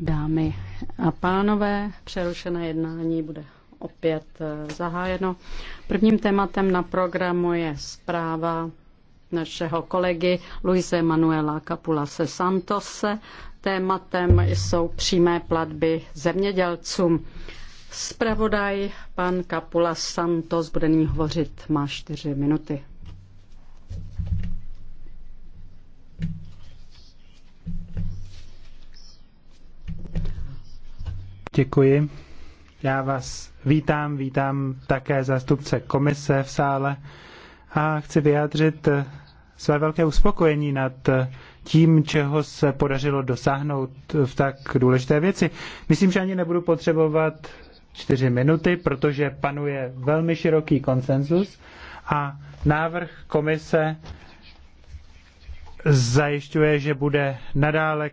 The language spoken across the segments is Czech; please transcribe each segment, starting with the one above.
Dámy a pánové, přerušené jednání bude opět eh, zahájeno. Prvním tématem na programu je zpráva našeho kolegy Luise Manuela Capulase Santose. Tématem jsou přímé platby zemědělcům. Spravodaj pan Capula Santos bude nyní hovořit, má čtyři minuty. Děkuji. Já vás vítám, vítám také zástupce komise v sále a chci vyjádřit své velké uspokojení nad tím, čeho se podařilo dosáhnout v tak důležité věci. Myslím, že ani nebudu potřebovat čtyři minuty, protože panuje velmi široký konsenzus a návrh komise zajišťuje, že bude nadále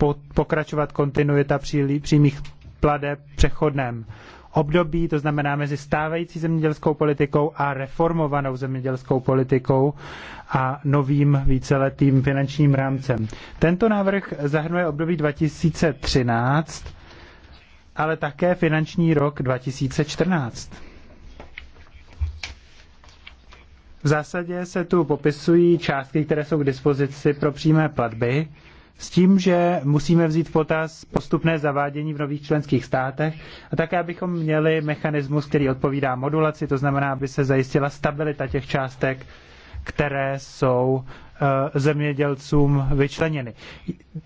po, pokračovat kontinuita přílí, přímých plade přechodném období, to znamená mezi stávající zemědělskou politikou a reformovanou zemědělskou politikou a novým víceletým finančním rámcem. Tento návrh zahrnuje období 2013, ale také finanční rok 2014. V zásadě se tu popisují částky, které jsou k dispozici pro přímé platby, s tím, že musíme vzít v potaz postupné zavádění v nových členských státech a také, abychom měli mechanismus, který odpovídá modulaci, to znamená, aby se zajistila stabilita těch částek, které jsou eh, zemědělcům vyčleněny.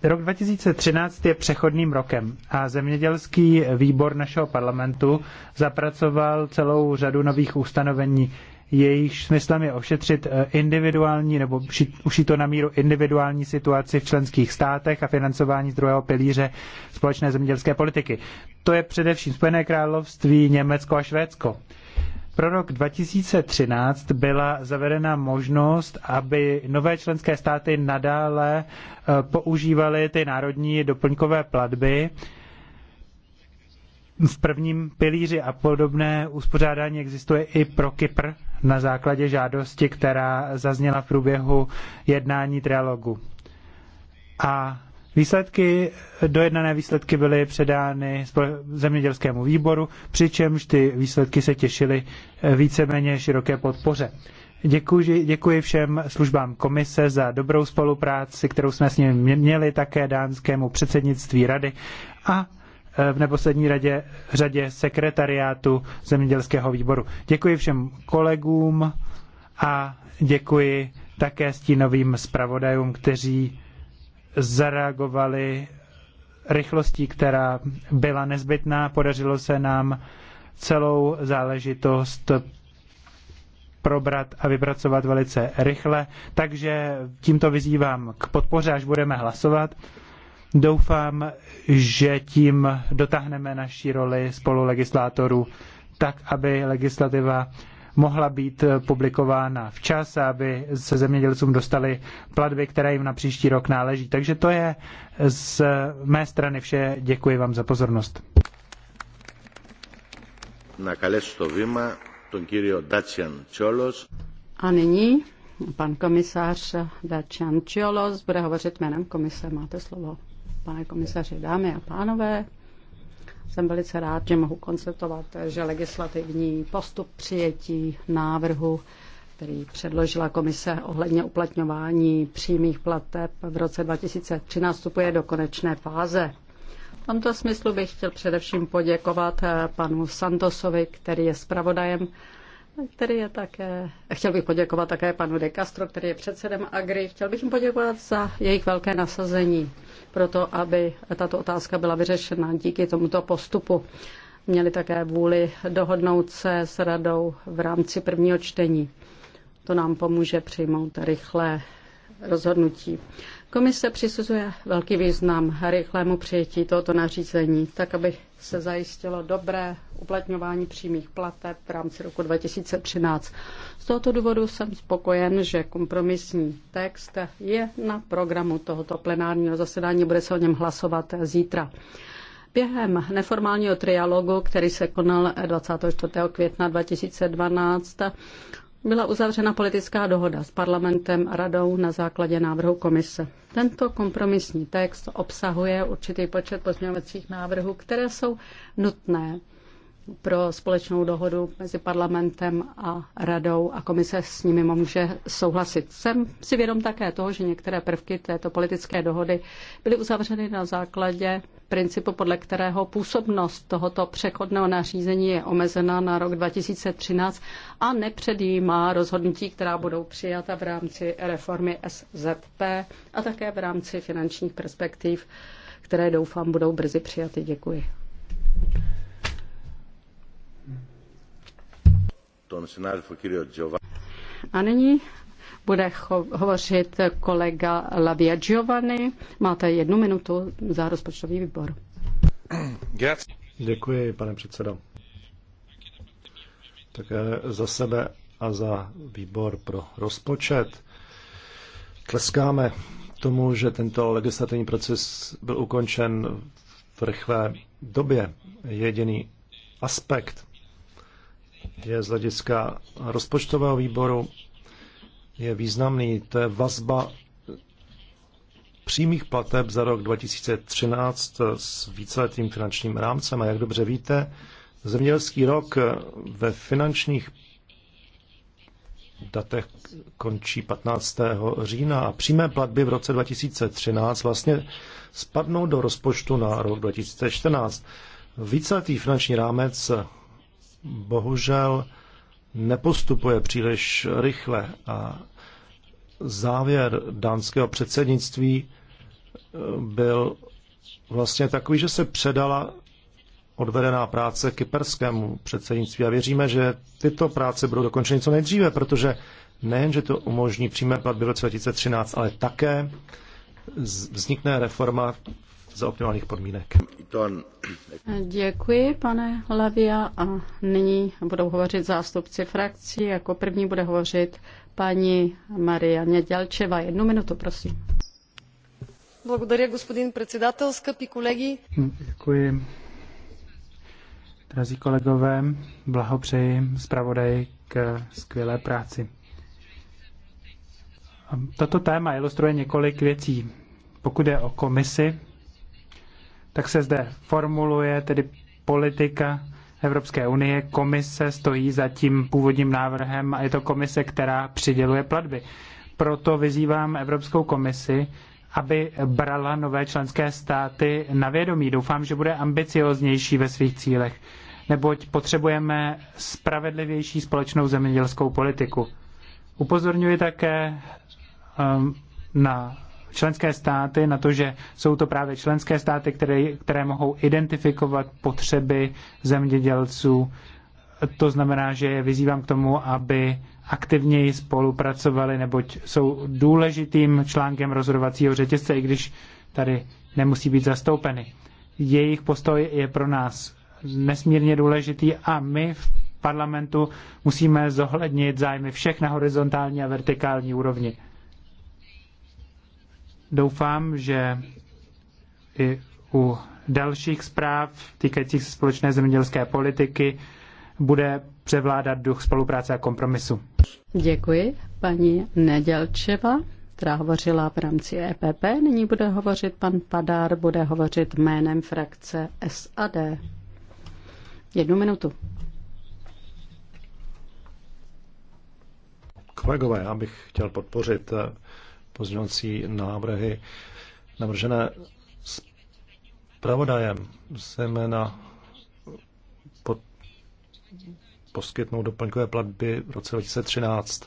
Rok 2013 je přechodným rokem a zemědělský výbor našeho parlamentu zapracoval celou řadu nových ustanovení, jejich smyslem je ošetřit eh, individuální nebo uší to na míru individuální situaci v členských státech a financování z druhého pilíře společné zemědělské politiky. To je především Spojené království, Německo a Švédsko. Pro rok 2013 byla zavedena možnost, aby nové členské státy nadále eh, používaly ty národní doplňkové platby v prvním pilíři a podobné uspořádání existuje i pro Kypr na základě žádosti, která zazněla v průběhu jednání trialogu. A Výsledky, dojednané výsledky byly předány zemědělskému výboru, přičemž ty výsledky se těšily víceméně široké podpoře. Děkuji, děkuji všem službám komise za dobrou spolupráci, kterou jsme s nimi měli, také dánskému předsednictví rady a v neposlední radě, řadě sekretariátu zemědělského výboru. Děkuji všem kolegům a děkuji také stínovým zpravodajům, kteří zareagovali rychlostí, která byla nezbytná. Podařilo se nám celou záležitost probrat a vypracovat velice rychle. Takže tímto vyzývám k podpoře, až budeme hlasovat. Doufám, že tím dotáhneme naší roli spolulegislátorů tak, aby legislativa mohla být publikována včas a aby se zemědělcům dostali platby, které jim na příští rok náleží. Takže to je z mé strany vše. Děkuji vám za pozornost. Na to Vima, Dacian Čolos. A nyní pan komisář Dacian Čolos bude hovořit jménem komise. Máte slovo pane komisaři, dámy a pánové. Jsem velice rád, že mohu konstatovat, že legislativní postup přijetí návrhu, který předložila komise ohledně uplatňování přímých plateb v roce 2013, vstupuje do konečné fáze. V tomto smyslu bych chtěl především poděkovat eh, panu Santosovi, který je zpravodajem, který je také, chtěl bych poděkovat také panu De Castro, který je předsedem Agri. Chtěl bych jim poděkovat za jejich velké nasazení pro to, aby tato otázka byla vyřešena díky tomuto postupu. Měli také vůli dohodnout se s radou v rámci prvního čtení. To nám pomůže přijmout rychlé rozhodnutí. Komise přisuzuje velký význam rychlému přijetí tohoto nařízení, tak aby se zajistilo dobré uplatňování přímých plateb v rámci roku 2013. Z tohoto důvodu jsem spokojen, že kompromisní text je na programu tohoto plenárního zasedání, bude se o něm hlasovat zítra. Během neformálního trialogu, který se konal 24. května 2012, byla uzavřena politická dohoda s parlamentem a radou na základě návrhu komise. Tento kompromisní text obsahuje určitý počet pozměňovacích návrhů, které jsou nutné pro společnou dohodu mezi parlamentem a radou a komise s nimi může souhlasit. Jsem si vědom také toho, že některé prvky této politické dohody byly uzavřeny na základě principu, podle kterého působnost tohoto přechodného nařízení je omezena na rok 2013 a nepředjímá rozhodnutí, která budou přijata v rámci reformy SZP a také v rámci finančních perspektiv, které doufám budou brzy přijaty. Děkuji. A nyní bude hovořit kolega Lavia Giovanni. Máte jednu minutu za rozpočtový výbor. Děkuji, pane předsedo. Tak za sebe a za výbor pro rozpočet. Tleskáme tomu, že tento legislativní proces byl ukončen v rychlé době. Jediný aspekt je z hlediska rozpočtového výboru je významný. To je vazba přímých plateb za rok 2013 s víceletým finančním rámcem. A jak dobře víte, zemědělský rok ve finančních datech končí 15. října a přímé platby v roce 2013 vlastně spadnou do rozpočtu na rok 2014. Víceletý finanční rámec bohužel nepostupuje příliš rychle a závěr dánského předsednictví eh, byl vlastně takový, že se předala odvedená práce kyperskému předsednictví a věříme, že tyto práce budou dokončeny co nejdříve, protože nejen, že to umožní přímé platby v roce 2013, ale také vznikne reforma za optimálních podmínek. Děkuji, pane Lavia. A nyní budou hovořit zástupci frakcí. Jako první bude hovořit paní Maria Nedělčeva. Jednu minutu, prosím. Благодаря, господин председател, скъпи колеги. Děkuji. Drazí kolegové, blahopřeji zpravodaji k skvělé práci. Toto téma ilustruje několik věcí. Pokud je o komisi, tak se zde formuluje tedy politika Evropské unie. Komise stojí za tím původním návrhem a je to komise, která přiděluje platby. Proto vyzývám Evropskou komisi, aby brala nové členské státy na vědomí. Doufám, že bude ambicioznější ve svých cílech, neboť potřebujeme spravedlivější společnou zemědělskou politiku. Upozorňuji také um, na členské státy na to, že jsou to právě členské státy, které, které mohou identifikovat potřeby zemědělců. To znamená, že je vyzývám k tomu, aby aktivněji spolupracovali, neboť jsou důležitým článkem rozhodovacího řetězce, i když tady nemusí být zastoupeny. Jejich postoj je pro nás nesmírně důležitý a my v parlamentu musíme zohlednit zájmy všech na horizontální a vertikální úrovni. Doufám, že i u dalších zpráv týkajících se společné zemědělské politiky bude převládat duch spolupráce a kompromisu. Děkuji paní Nedělčeva, která hovořila v rámci EPP. Nyní bude hovořit pan Padár, bude hovořit jménem frakce SAD. Jednu minutu. Kolegové, já bych chtěl podpořit pozměňovací návrhy navržené s pravodajem, zejména pod, poskytnou doplňkové platby v roce 2013.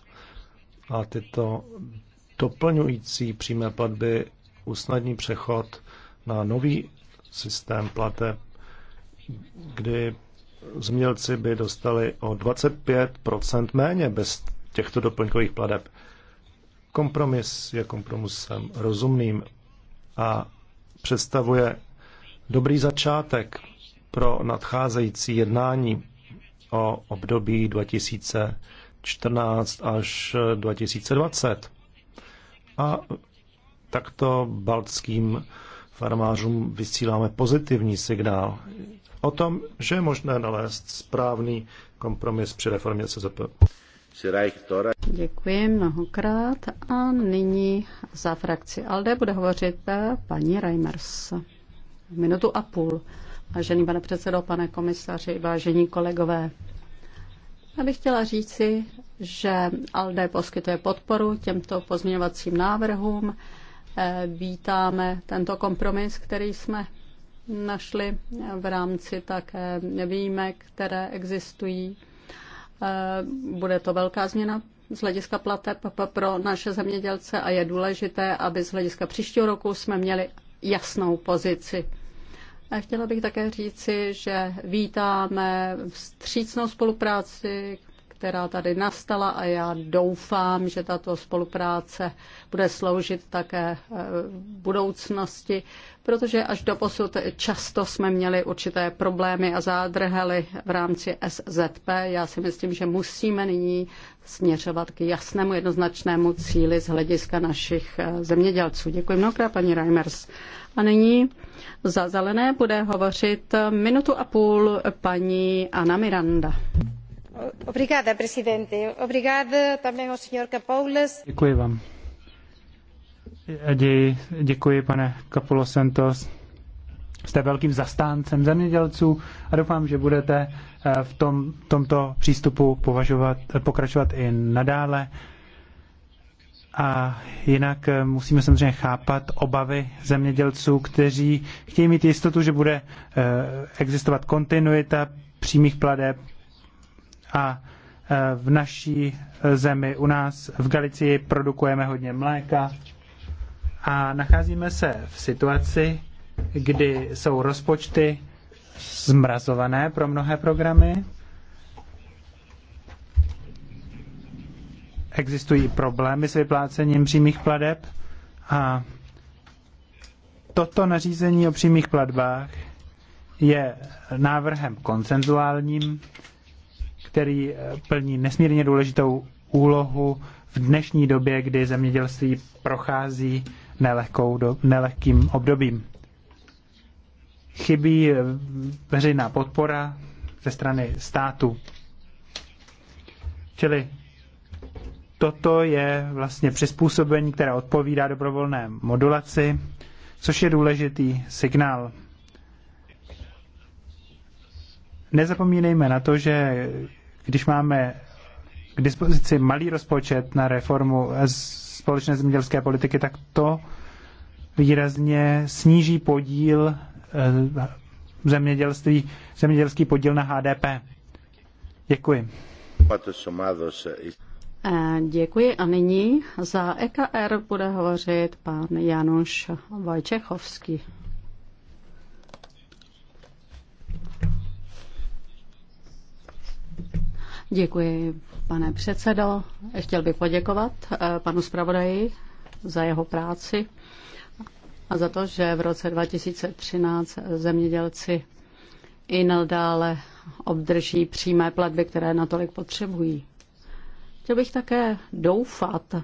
A tyto doplňující přímé platby usnadní přechod na nový systém plateb, kdy změlci by dostali o 25 méně bez těchto doplňkových plateb. Kompromis je kompromisem rozumným a představuje dobrý začátek pro nadcházející jednání o období 2014 až 2020. A takto baltským farmářům vysíláme pozitivní signál o tom, že je možné nalézt správný kompromis při reformě CZP. Děkuji mnohokrát a nyní za frakci ALDE bude hovořit paní Reimers. Minutu a půl. Vážený pane předsedo, pane komisaři, vážení kolegové, já bych chtěla říci, že ALDE poskytuje podporu těmto pozměňovacím návrhům. Eh, vítáme tento kompromis, který jsme našli v rámci také výjimek, které existují Eh, bude to velká změna z hlediska plateb pro naše zemědělce a je důležité, aby z hlediska příštího roku jsme měli jasnou pozici. A chtěla bych také říci, že vítáme vstřícnou spolupráci, která tady nastala a já doufám, že tato spolupráce bude sloužit také v eh, budoucnosti, protože až do posud často jsme měli určité problémy a zádrhely v rámci SZP. Já si myslím, že musíme nyní směřovat k jasnému jednoznačnému cíli z hlediska našich eh, zemědělců. Děkuji mnohokrát, paní Reimers. A nyní za zelené bude hovořit minutu a půl paní Ana Miranda. Obrigada, presidente. Obrigada também ao senhor Capoulas. Děkuji vám. Děkuji, pane Capulo Santos. Jste velkým zastáncem zemědělců a doufám, že budete eh, v tom, tomto přístupu považovat, pokračovat i nadále. A jinak eh, musíme samozřejmě chápat obavy zemědělců, kteří chtějí mít jistotu, že bude eh, existovat kontinuita přímých pladeb a e, v naší zemi, u nás v Galicii produkujeme hodně mléka a nacházíme se v situaci, kdy jsou rozpočty zmrazované pro mnohé programy. Existují problémy s vyplácením přímých pladeb a toto nařízení o přímých platbách je návrhem koncenzuálním, který plní nesmírně důležitou úlohu v dnešní době, kdy zemědělství prochází nelehkou do, nelehkým obdobím. Chybí eh, veřejná podpora ze strany státu. Čili toto je vlastně přizpůsobení, které odpovídá dobrovolné modulaci, což je důležitý signál. Nezapomínejme na to, že když máme k dispozici malý rozpočet na reformu společné zemědělské politiky, tak to výrazně sníží podíl eh, zemědělství, zemědělský podíl na HDP. Děkuji. Eh, děkuji a nyní za EKR bude hovořit pan Janoš Vojčechovský. Děkuji, pane předsedo. Chtěl bych poděkovat eh, panu zpravodaji za jeho práci a za to, že v roce 2013 zemědělci i nadále obdrží přímé platby, které natolik potřebují. Chtěl bych také doufat,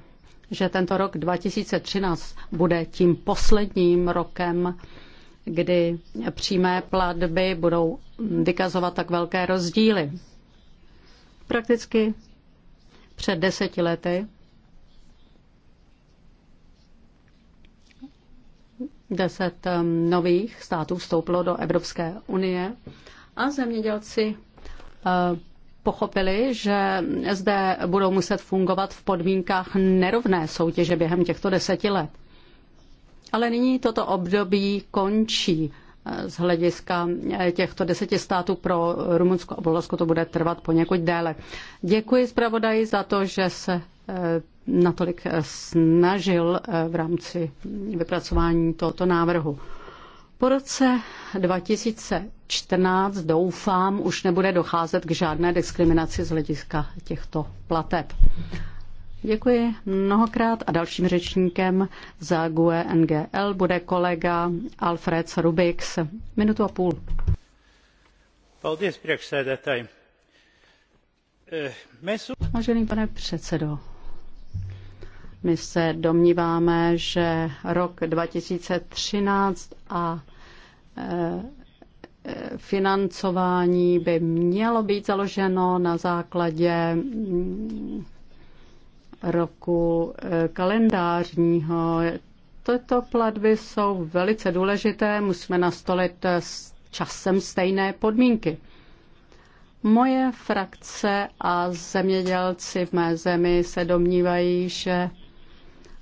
že tento rok 2013 bude tím posledním rokem, kdy přímé platby budou vykazovat tak velké rozdíly. Prakticky před deseti lety deset um, nových států vstoupilo do Evropské unie a zemědělci uh, pochopili, že zde budou muset fungovat v podmínkách nerovné soutěže během těchto deseti let. Ale nyní toto období končí z hlediska eh, těchto deseti států pro Rumunsko a Bulharsko to bude trvat poněkud déle. Děkuji zpravodaji za to, že se eh, natolik eh, snažil v rámci vypracování tohoto návrhu. Po roce 2014 doufám, už nebude docházet k žádné diskriminaci z hlediska těchto plateb. Děkuji mnohokrát a dalším řečníkem za GUE NGL bude kolega Alfred Rubix. Minutu a půl. Eh, Vážený pane předsedo, my se domníváme, že rok 2013 a eh, financování by mělo být založeno na základě mm, roku eh, kalendářního. Tyto platby jsou velice důležité, musíme nastolit eh, s časem stejné podmínky. Moje frakce a zemědělci v mé zemi se domnívají, že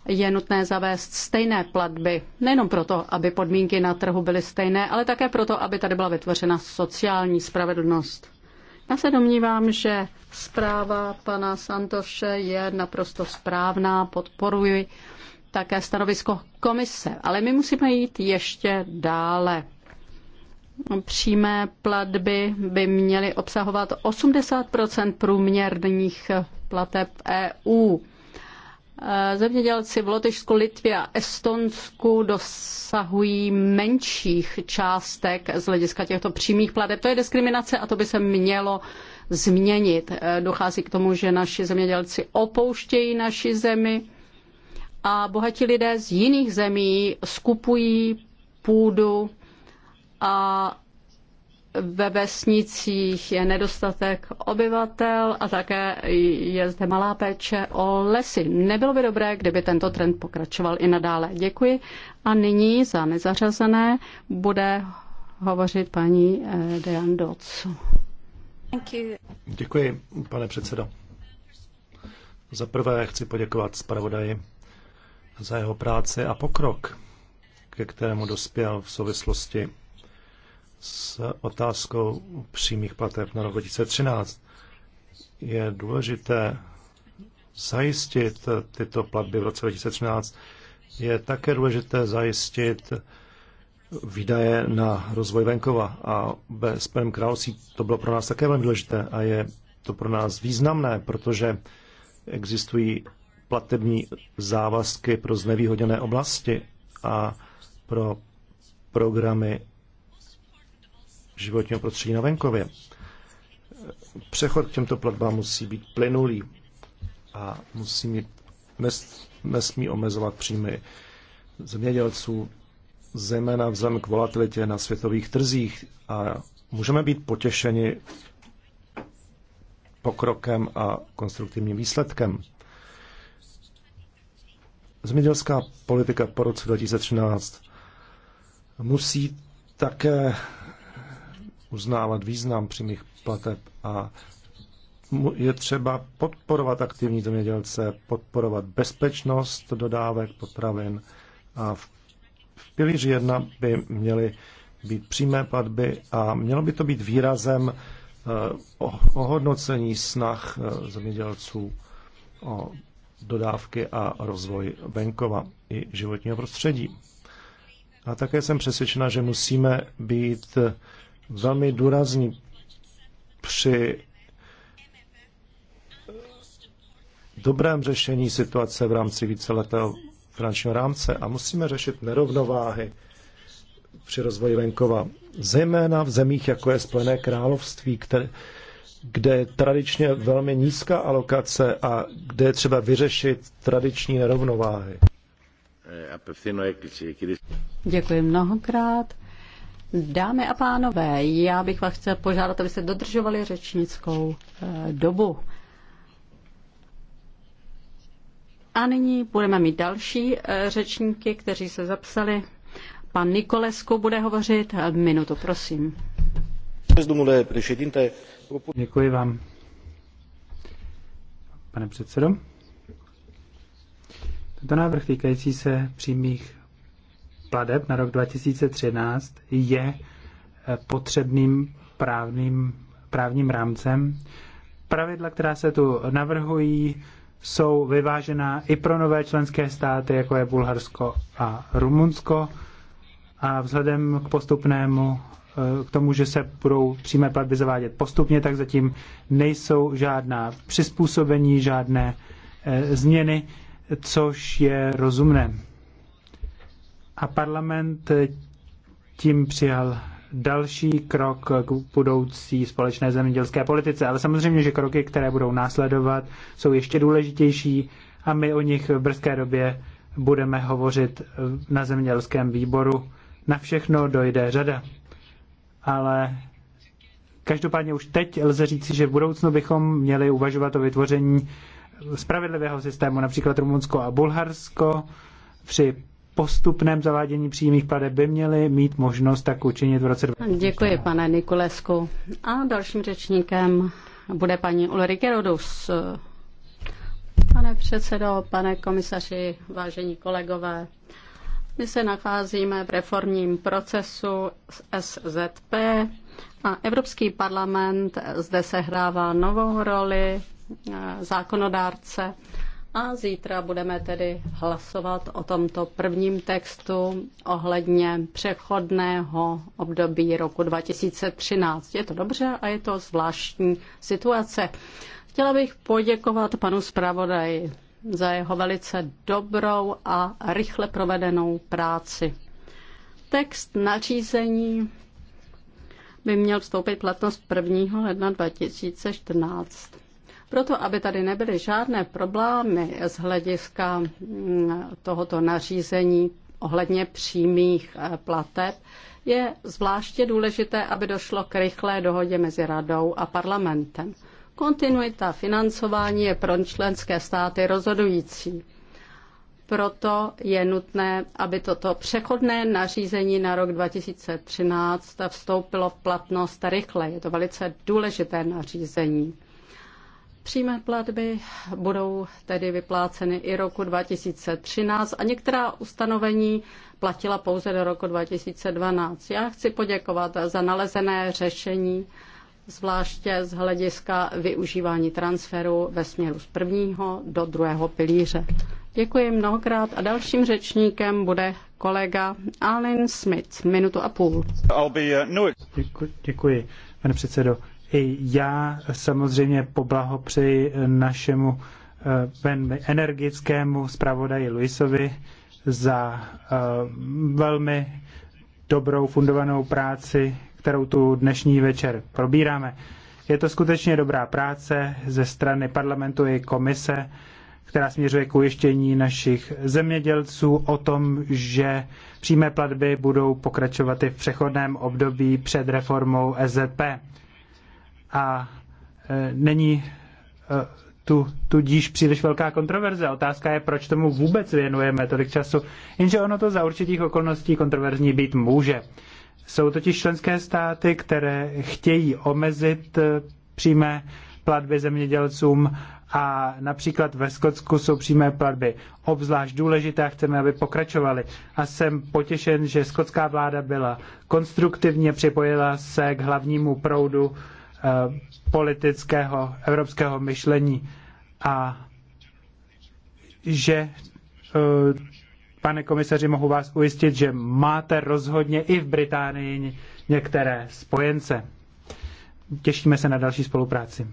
je nutné zavést stejné platby, nejenom proto, aby podmínky na trhu byly stejné, ale také proto, aby tady byla vytvořena sociální spravedlnost. Já se domnívám, že zpráva pana Santoše je naprosto správná, podporuji také stanovisko komise, ale my musíme jít ještě dále. Přímé platby by měly obsahovat 80 průměrných plateb EU. Eh, zemědělci v Lotyšsku, Litvě a Estonsku dosahují menších částek z hlediska těchto přímých plateb. To je diskriminace a to by se mělo změnit. Eh, dochází k tomu, že naši zemědělci opouštějí naši zemi a bohatí lidé z jiných zemí skupují půdu a ve vesnicích je nedostatek obyvatel a také je zde malá péče o lesy. Nebylo by dobré, kdyby tento trend pokračoval i nadále. Děkuji. A nyní za nezařazené bude hovořit paní eh, Dejan Docu. Děkuji, pane předsedo. Za prvé chci poděkovat zpravodaji za jeho práci a pokrok, ke kterému dospěl v souvislosti s otázkou přímých plateb na rok 2013. Je důležité zajistit tyto platby v roce 2013. Je také důležité zajistit výdaje na rozvoj venkova a bez Spojeném království to bylo pro nás také velmi důležité a je to pro nás významné, protože existují platební závazky pro znevýhodněné oblasti a pro programy životního prostředí na venkově. Přechod k těmto platbám musí být plynulý a musí mít, nes, nesmí omezovat příjmy zemědělců, zejména vzhledem k volatilitě na světových trzích. A můžeme být potěšeni pokrokem a konstruktivním výsledkem. Zemědělská politika po roce 2013 musí také uznávat význam přímých plateb a je třeba podporovat aktivní zemědělce, podporovat bezpečnost dodávek potravin a v, v pilíři jedna by měly být přímé platby a mělo by to být výrazem eh, ohodnocení snah eh, zemědělců o dodávky a rozvoj venkova i životního prostředí. A také jsem přesvědčena, že musíme být eh, velmi důrazní při dobrém řešení situace v rámci víceletého finančního rámce a musíme řešit nerovnováhy při rozvoji venkova, zejména v zemích, jako je Spojené království, které, kde je tradičně velmi nízká alokace a kde je třeba vyřešit tradiční nerovnováhy. Eh, Děkuji mnohokrát. Dámy a pánové, já bych vás chtěl požádat, abyste dodržovali řečnickou eh, dobu. A nyní budeme mít další eh, řečníky, kteří se zapsali. Pan Nikolesko bude hovořit. Minutu, prosím. Děkuji vám, pane předsedo. Tento návrh týkající se přímých plateb na rok 2013 je eh, potřebným právním, právním rámcem. Pravidla, která se tu navrhují, jsou vyvážená i pro nové členské státy, jako je Bulharsko a Rumunsko. A vzhledem k postupnému, eh, k tomu, že se budou přímé platby zavádět postupně, tak zatím nejsou žádná přizpůsobení, žádné eh, změny, což je rozumné a parlament eh, tím přijal další krok k budoucí společné zemědělské politice. Ale samozřejmě, že kroky, které budou následovat, jsou ještě důležitější a my o nich v brzké době budeme hovořit eh, na zemědělském výboru. Na všechno dojde řada. Ale každopádně už teď lze říci, že v budoucnu bychom měli uvažovat o vytvoření spravedlivého systému, například Rumunsko a Bulharsko při postupném zavádění přímých pladeb by měli mít možnost tak učinit v roce 2020. Děkuji, pane Nikolesku. A dalším řečníkem bude paní Ulrike Rodus. Pane předsedo, pane komisaři, vážení kolegové, my se nacházíme v reformním procesu SZP a Evropský parlament zde sehrává novou roli eh, zákonodárce a zítra budeme tedy hlasovat o tomto prvním textu ohledně přechodného období roku 2013. Je to dobře a je to zvláštní situace. Chtěla bych poděkovat panu zpravodaji za jeho velice dobrou a rychle provedenou práci. Text nařízení by měl vstoupit platnost 1. ledna 2014. Proto, aby tady nebyly žádné problémy z hlediska mm, tohoto nařízení ohledně přímých eh, plateb, je zvláště důležité, aby došlo k rychlé dohodě mezi radou a parlamentem. Kontinuita financování je pro členské státy rozhodující. Proto je nutné, aby toto přechodné nařízení na rok 2013 vstoupilo v platnost rychle. Je to velice důležité nařízení. Přímé platby budou tedy vypláceny i roku 2013 a některá ustanovení platila pouze do roku 2012. Já chci poděkovat za nalezené řešení, zvláště z hlediska využívání transferu ve směru z prvního do druhého pilíře. Děkuji mnohokrát a dalším řečníkem bude kolega Alin Smith, minutu a půl. Uh, no- děkuji, děkuji pane předsedo. I já samozřejmě poblahopřeji našemu eh, velmi energickému zpravodaji Luisovi za eh, velmi dobrou fundovanou práci, kterou tu dnešní večer probíráme. Je to skutečně dobrá práce ze strany parlamentu i komise, která směřuje k ujištění našich zemědělců o tom, že přímé platby budou pokračovat i v přechodném období před reformou SZP a e, není e, tu, tudíž příliš velká kontroverze. Otázka je, proč tomu vůbec věnujeme tolik času. Jenže ono to za určitých okolností kontroverzní být může. Jsou totiž členské státy, které chtějí omezit e, přímé platby zemědělcům a například ve Skotsku jsou přímé platby obzvlášť důležité a chceme, aby pokračovaly. A jsem potěšen, že skotská vláda byla konstruktivně připojila se k hlavnímu proudu Eh, politického evropského myšlení a že, eh, pane komisaři, mohu vás ujistit, že máte rozhodně i v Británii některé spojence. Těšíme se na další spolupráci.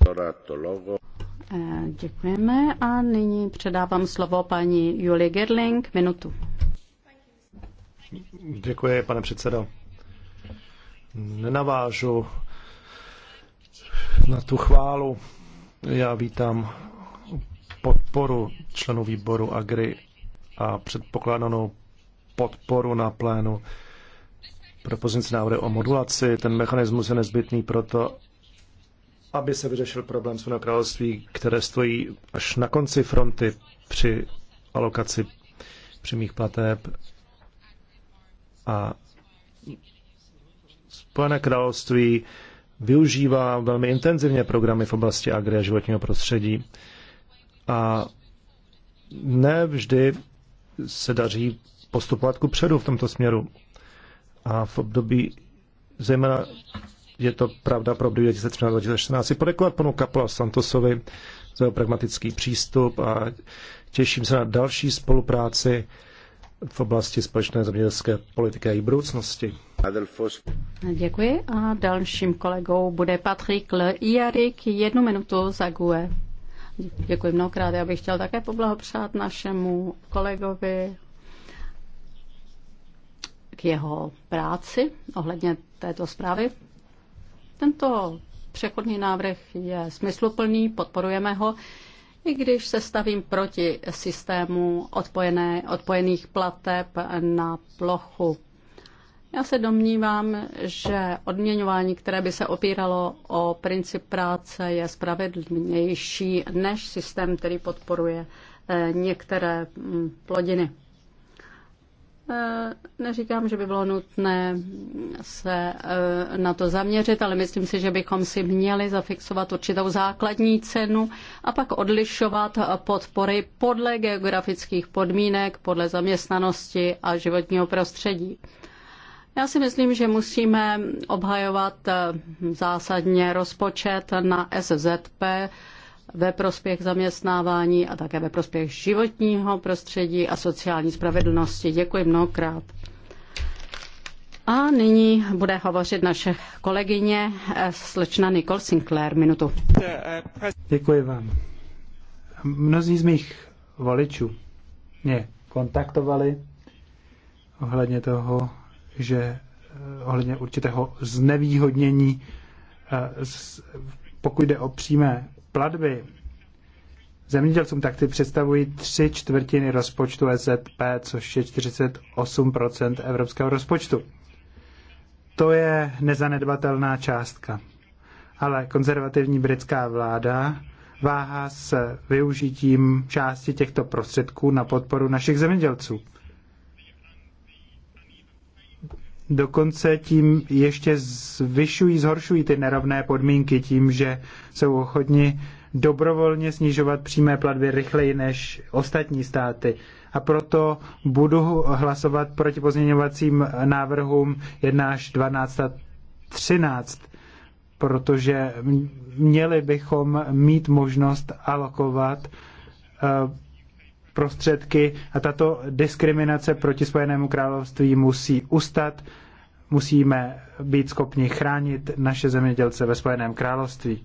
Eh, děkujeme a nyní předávám slovo paní Julie Gerling, minutu. Děkuji, pane předsedo. Nenavážu na tu chválu. Já vítám podporu členů výboru Agri a předpokládanou podporu na plénu pro pozici návrhy o modulaci. Ten mechanismus je nezbytný proto, aby se vyřešil problém Spojeného království, které stojí až na konci fronty při alokaci přímých plateb a Spojené království využívá velmi intenzivně programy v oblasti agri a životního prostředí. A ne vždy se daří postupovat ku předu v tomto směru. A v období, zejména je to pravda pro období 2013-2014, si podekovat panu Kapla Santosovi za jeho pragmatický přístup a těším se na další spolupráci v oblasti společné zemědělské politiky a její budoucnosti. Děkuji a dalším kolegou bude Patrik L. Jarik, jednu minutu za GUE. Děkuji mnohokrát. Já bych chtěl také poblahopřát našemu kolegovi k jeho práci ohledně této zprávy. Tento přechodný návrh je smysluplný, podporujeme ho, i když se stavím proti systému odpojené, odpojených plateb na plochu já se domnívám, že odměňování, které by se opíralo o princip práce, je spravedlnější než systém, který podporuje eh, některé mm, plodiny. Eh, neříkám, že by bylo nutné se eh, na to zaměřit, ale myslím si, že bychom si měli zafixovat určitou základní cenu a pak odlišovat podpory podle geografických podmínek, podle zaměstnanosti a životního prostředí. Já si myslím, že musíme obhajovat eh, zásadně rozpočet na SZP ve prospěch zaměstnávání a také ve prospěch životního prostředí a sociální spravedlnosti. Děkuji mnohokrát. A nyní bude hovořit naše kolegyně eh, slečna Nicole Sinclair. Minutu. Děkuji vám. Mnozí z mých voličů mě kontaktovali ohledně toho, že eh, ohledně určitého znevýhodnění, eh, pokud jde o přímé platby zemědělcům, tak ty představují tři čtvrtiny rozpočtu SZP, což je 48 evropského rozpočtu. To je nezanedbatelná částka. Ale konzervativní britská vláda váhá s využitím části těchto prostředků na podporu našich zemědělců. dokonce tím ještě zvyšují, zhoršují ty nerovné podmínky tím, že jsou ochotni dobrovolně snižovat přímé platby rychleji než ostatní státy. A proto budu hlasovat proti pozměňovacím návrhům 1 až 12 a 13, protože měli bychom mít možnost alokovat eh, prostředky a tato diskriminace proti Spojenému království musí ustat musíme být schopni chránit naše zemědělce ve Spojeném království.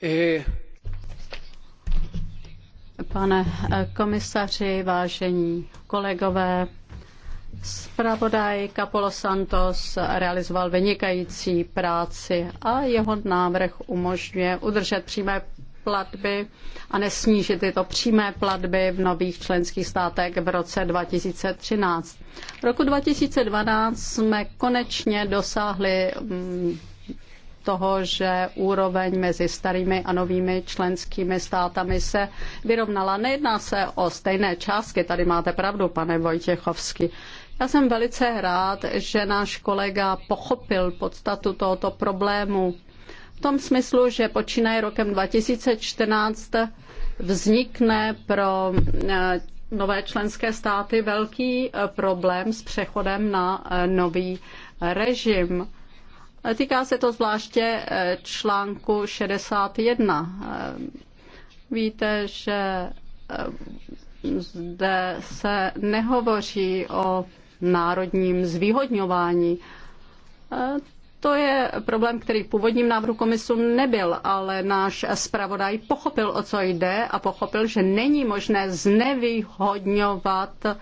Eh, pane eh, komisaři, vážení kolegové, Spravodaj Capolo Santos realizoval vynikající práci a jeho návrh umožňuje udržet přímé platby a nesnížit tyto přímé platby v nových členských státech v roce 2013. V roku 2012 jsme konečně dosáhli mm, toho, že úroveň mezi starými a novými členskými státami se vyrovnala. Nejedná se o stejné částky, tady máte pravdu, pane Vojtěchovský. Já jsem velice rád, že náš kolega pochopil podstatu tohoto problému v tom smyslu, že počínaje rokem 2014 vznikne pro eh, nové členské státy velký eh, problém s přechodem na eh, nový režim. Týká se to zvláště článku 61. Víte, že zde se nehovoří o národním zvýhodňování. To je problém, který v původním návrhu komisu nebyl, ale náš zpravodaj pochopil, o co jde a pochopil, že není možné znevýhodňovat eh,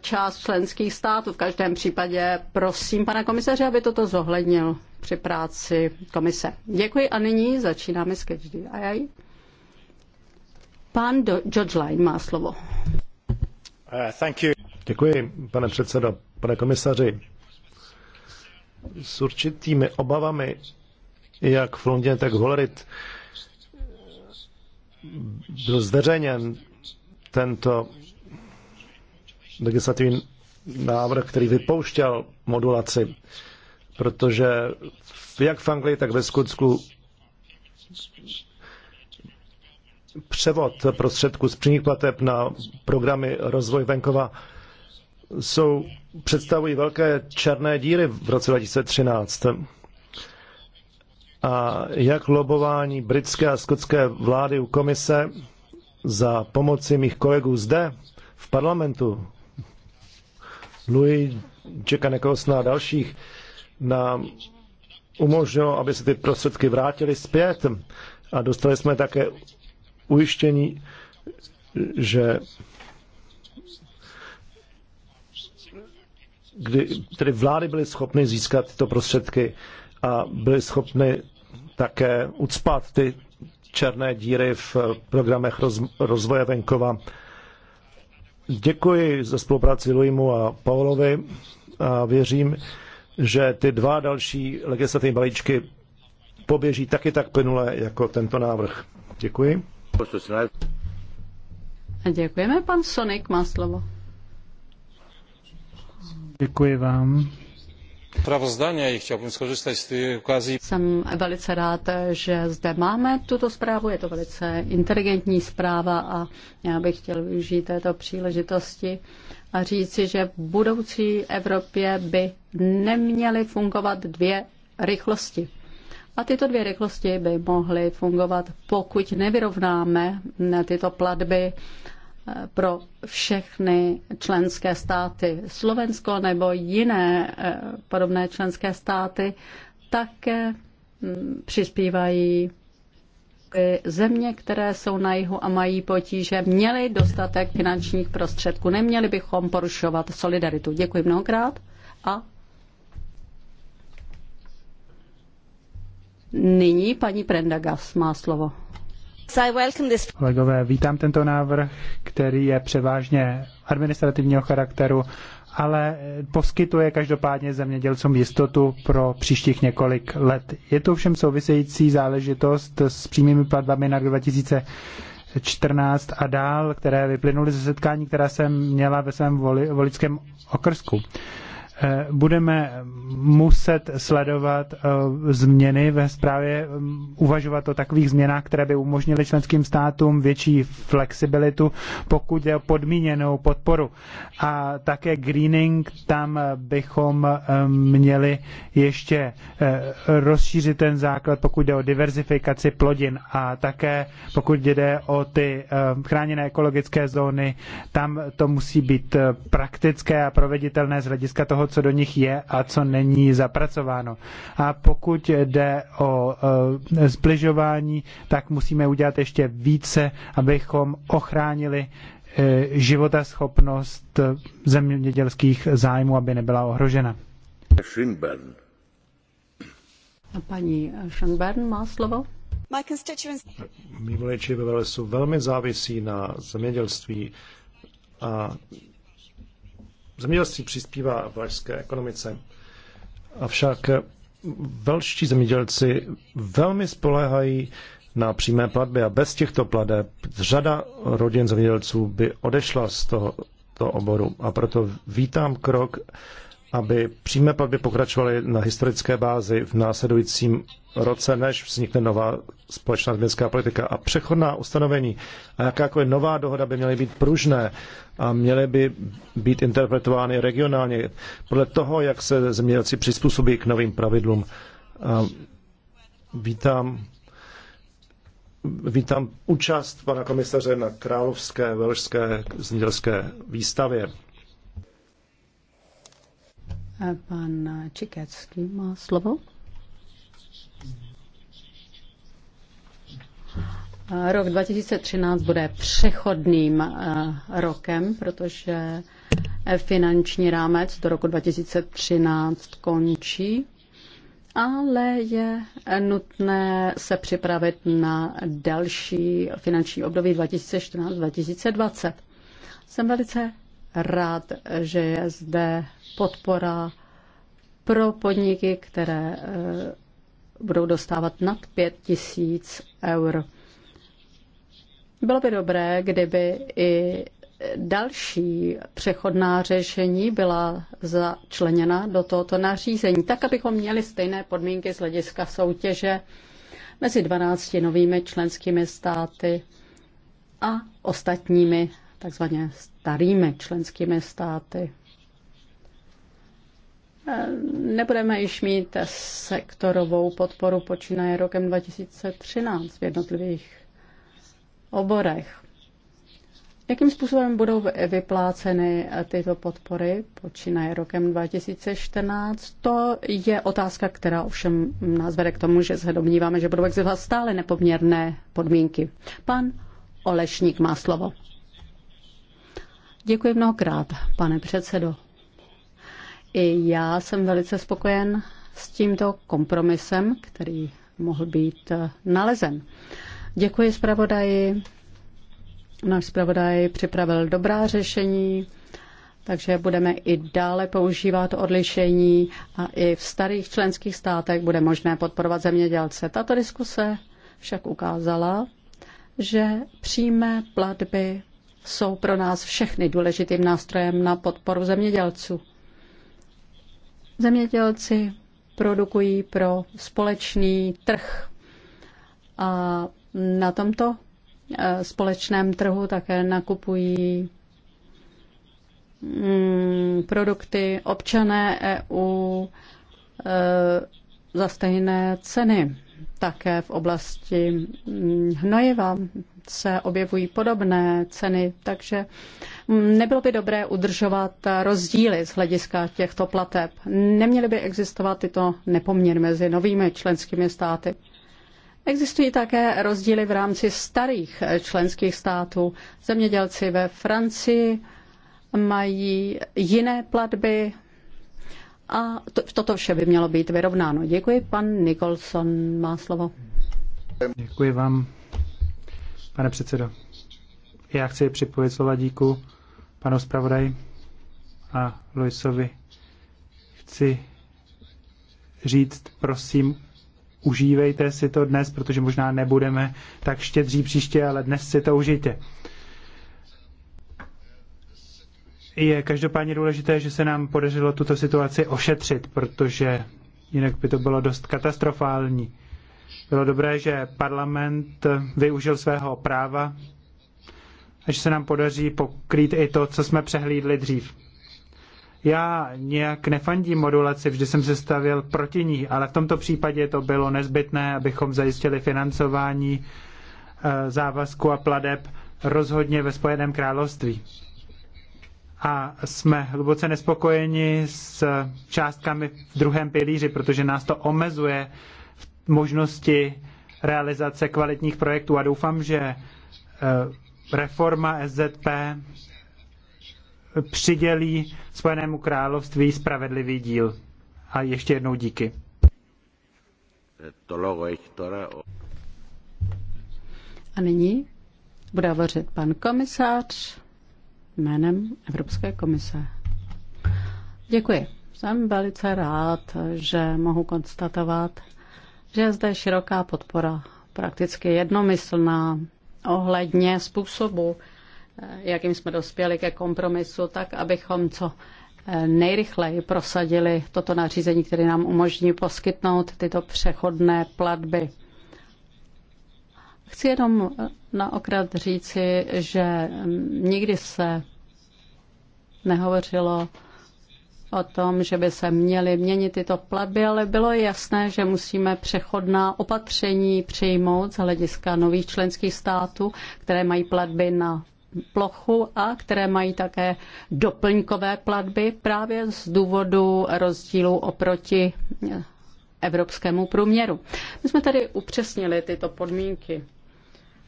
část členských států. V každém případě prosím pana komisaře, aby toto zohlednil při práci komise. Děkuji a nyní začínáme s každý. Ajaj. Pan George Line má slovo. Uh, thank you. Děkuji, pane předsedo. Pane komisaři, s určitými obavami, jak v Londýně, tak Holerit, byl zveřejněn tento legislativní návrh, který vypouštěl modulaci, protože jak v Anglii, tak ve Skotsku převod prostředků z přímých plateb na programy rozvoj venkova jsou, představují velké černé díry v roce 2013. A jak lobování britské a skotské vlády u komise za pomoci mých kolegů zde v parlamentu, Louis Jacka a dalších, nám umožnilo, aby se ty prostředky vrátily zpět a dostali jsme také ujištění, že kdy tedy vlády byly schopny získat tyto prostředky a byly schopny také ucpat ty černé díry v programech rozvoje venkova. Děkuji za spolupráci Luimu a Paulovi a věřím, že ty dva další legislativní balíčky poběží taky tak plynule jako tento návrh. Děkuji. Děkujeme, pan Sonik má slovo. Děkuji vám. Jsem velice rád, že zde máme tuto zprávu. Je to velice inteligentní zpráva a já bych chtěl využít této příležitosti a říci, že v budoucí Evropě by neměly fungovat dvě rychlosti. A tyto dvě rychlosti by mohly fungovat, pokud nevyrovnáme tyto platby pro všechny členské státy. Slovensko nebo jiné eh, podobné členské státy také mm, přispívají země, které jsou na jihu a mají potíže, měly dostatek finančních prostředků. Neměli bychom porušovat solidaritu. Děkuji mnohokrát a nyní paní Prendagas má slovo. Kolegové, vítám tento návrh, který je převážně administrativního charakteru, ale poskytuje každopádně zemědělcům jistotu pro příštích několik let. Je to všem související záležitost s přímými platbami na 2014 a dál, které vyplynuly ze setkání, která jsem měla ve svém voli, voličském okrsku. Eh, budeme muset sledovat eh, změny ve zprávě, mm, uvažovat o takových změnách, které by umožnily členským státům větší flexibilitu, pokud je o podmíněnou podporu. A také greening, tam eh, bychom měli ještě rozšířit ten základ, pokud jde o diverzifikaci plodin a také pokud jde o ty chráněné ekologické zóny, tam to musí být praktické a proveditelné z hlediska toho, co do nich je a co není zapracováno. A pokud jde o e, zbližování, tak musíme udělat ještě více, abychom ochránili e, životaschopnost zemědělských zájmů, aby nebyla ohrožena. Schönborn. Paní Schönbern má slovo. My constituency... Mí voliči ve jsou velmi závisí na zemědělství a zemědělství přispívá valašské ekonomice. Avšak velští zemědělci velmi spoléhají na přímé platby a bez těchto plateb řada rodin zemědělců by odešla z toho, toho oboru. A proto vítám krok aby přímé platby pokračovaly na historické bázi v následujícím roce, než vznikne nová společná zemědělská politika. A přechodná ustanovení a jakákoliv nová dohoda by měly být pružné a měly by být interpretovány regionálně podle toho, jak se zemědělci přizpůsobí k novým pravidlům. A vítám Vítám účast pana komisaře na Královské velšské zemědělské výstavě. Pan Čikecký má slovo. Rok 2013 bude přechodným eh, rokem, protože finanční rámec do roku 2013 končí, ale je nutné se připravit na další finanční období 2014-2020. Jsem velice rád, že je zde podpora pro podniky, které eh, budou dostávat nad 5 tisíc eur. Bylo by dobré, kdyby i další přechodná řešení byla začleněna do tohoto nařízení, tak abychom měli stejné podmínky z hlediska soutěže mezi 12 novými členskými státy a ostatními takzvaně starými členskými státy. E, nebudeme již mít sektorovou podporu počínaje rokem 2013 v jednotlivých oborech. Jakým způsobem budou vypláceny e, tyto podpory počínaje rokem 2014? To je otázka, která ovšem nás vede k tomu, že se domníváme, že budou existovat stále nepoměrné podmínky. Pan Olešník má slovo. Děkuji mnohokrát, pane předsedo. I já jsem velice spokojen s tímto kompromisem, který mohl být eh, nalezen. Děkuji zpravodaji. Náš zpravodaj připravil dobrá řešení, takže budeme i dále používat odlišení a i v starých členských státech bude možné podporovat zemědělce. Tato diskuse však ukázala, že přímé platby jsou pro nás všechny důležitým nástrojem na podporu zemědělců. Zemědělci produkují pro společný trh a na tomto eh, společném trhu také nakupují mm, produkty občané EU eh, za stejné ceny. Také v oblasti hnojiva se objevují podobné ceny, takže mm, nebylo by dobré udržovat rozdíly z hlediska těchto plateb. Neměly by existovat tyto nepoměry mezi novými členskými státy. Existují také rozdíly v rámci starých členských států. Zemědělci ve Francii mají jiné platby a to, toto vše by mělo být vyrovnáno. Děkuji, pan Nikolson má slovo. Děkuji vám, pane předsedo. Já chci připojit slova díku panu zpravodaji a Luisovi. Chci říct, prosím, užívejte si to dnes, protože možná nebudeme tak štědří příště, ale dnes si to užijte. je každopádně důležité, že se nám podařilo tuto situaci ošetřit, protože jinak by to bylo dost katastrofální. Bylo dobré, že parlament využil svého práva a že se nám podaří pokrýt i to, co jsme přehlídli dřív. Já nějak nefandím modulaci, vždy jsem se stavil proti ní, ale v tomto případě to bylo nezbytné, abychom zajistili financování eh, závazku a pladeb rozhodně ve Spojeném království a jsme hluboce nespokojeni s částkami v druhém pilíři, protože nás to omezuje v možnosti realizace kvalitních projektů a doufám, že eh, reforma SZP přidělí Spojenému království spravedlivý díl. A ještě jednou díky. A nyní bude hovořit pan komisář jménem Evropské komise. Děkuji. Jsem velice rád, že mohu konstatovat, že je zde široká podpora, prakticky jednomyslná, ohledně způsobu, jakým jsme dospěli ke kompromisu, tak abychom co eh, nejrychleji prosadili toto nařízení, které nám umožní poskytnout tyto přechodné platby. Chci jenom eh, na okrad říci, že nikdy se nehovořilo o tom, že by se měly měnit tyto platby, ale bylo jasné, že musíme přechodná opatření přijmout z hlediska nových členských států, které mají platby na plochu a které mají také doplňkové platby právě z důvodu rozdílu oproti evropskému průměru. My jsme tady upřesnili tyto podmínky.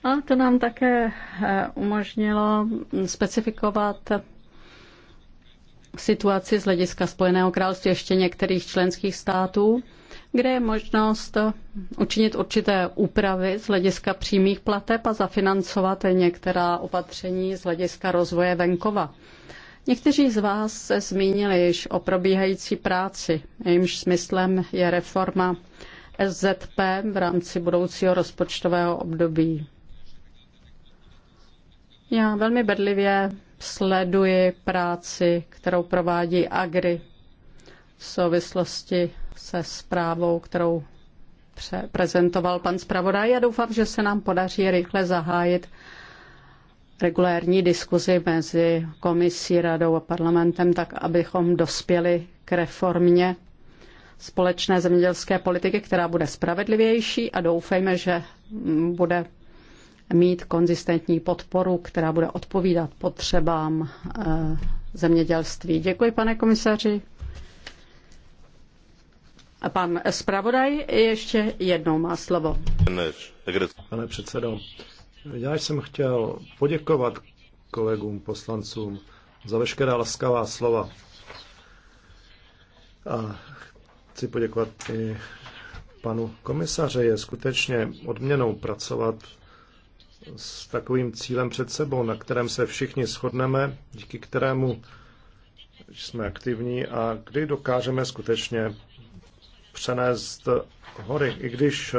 A to nám také eh, umožnilo specifikovat situaci z hlediska Spojeného království ještě některých členských států, kde je možnost učinit určité úpravy z hlediska přímých plateb a zafinancovat některá opatření z hlediska rozvoje venkova. Někteří z vás se zmínili již o probíhající práci, jejímž smyslem je reforma SZP v rámci budoucího rozpočtového období. Já velmi bedlivě sleduji práci, kterou provádí Agri v souvislosti se zprávou, kterou prezentoval pan zpravodaj Já doufám, že se nám podaří rychle zahájit regulérní diskuzi mezi komisí, radou a parlamentem, tak abychom dospěli k reformě společné zemědělské politiky, která bude spravedlivější a doufejme, že bude mít konzistentní podporu, která bude odpovídat potřebám eh, zemědělství. Děkuji, pane komisaři. A pan zpravodaj ještě jednou má slovo. Pane předsedo, já jsem chtěl poděkovat kolegům poslancům za veškerá laskavá slova. A chci poděkovat i panu komisaře. Je skutečně odměnou pracovat s takovým cílem před sebou, na kterém se všichni shodneme, díky kterému jsme aktivní a kdy dokážeme skutečně přenést hory, i když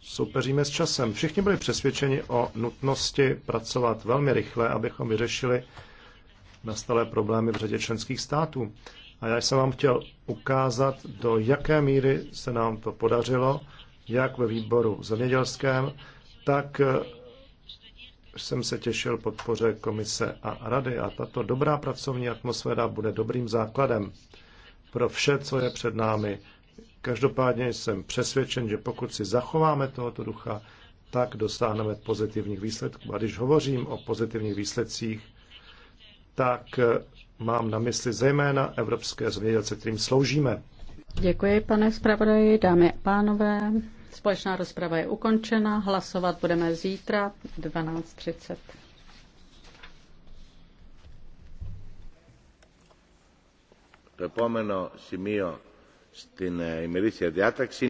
soupeříme s časem. Všichni byli přesvědčeni o nutnosti pracovat velmi rychle, abychom vyřešili nastalé problémy v řadě členských států. A já jsem vám chtěl ukázat, do jaké míry se nám to podařilo, jak ve výboru zemědělském, tak eh, jsem se těšil podpoře komise a rady a tato dobrá pracovní atmosféra bude dobrým základem pro vše, co je před námi. Každopádně jsem přesvědčen, že pokud si zachováme tohoto ducha, tak dosáhneme pozitivních výsledků. A když hovořím o pozitivních výsledcích, tak eh, mám na mysli zejména evropské zemědělce, kterým sloužíme. Děkuji, pane zpravodaji, dámy a pánové. Společná rozprava je ukončena. Hlasovat budeme zítra 12.30. Το επόμενο σημείο στην ημερήσια διάταξη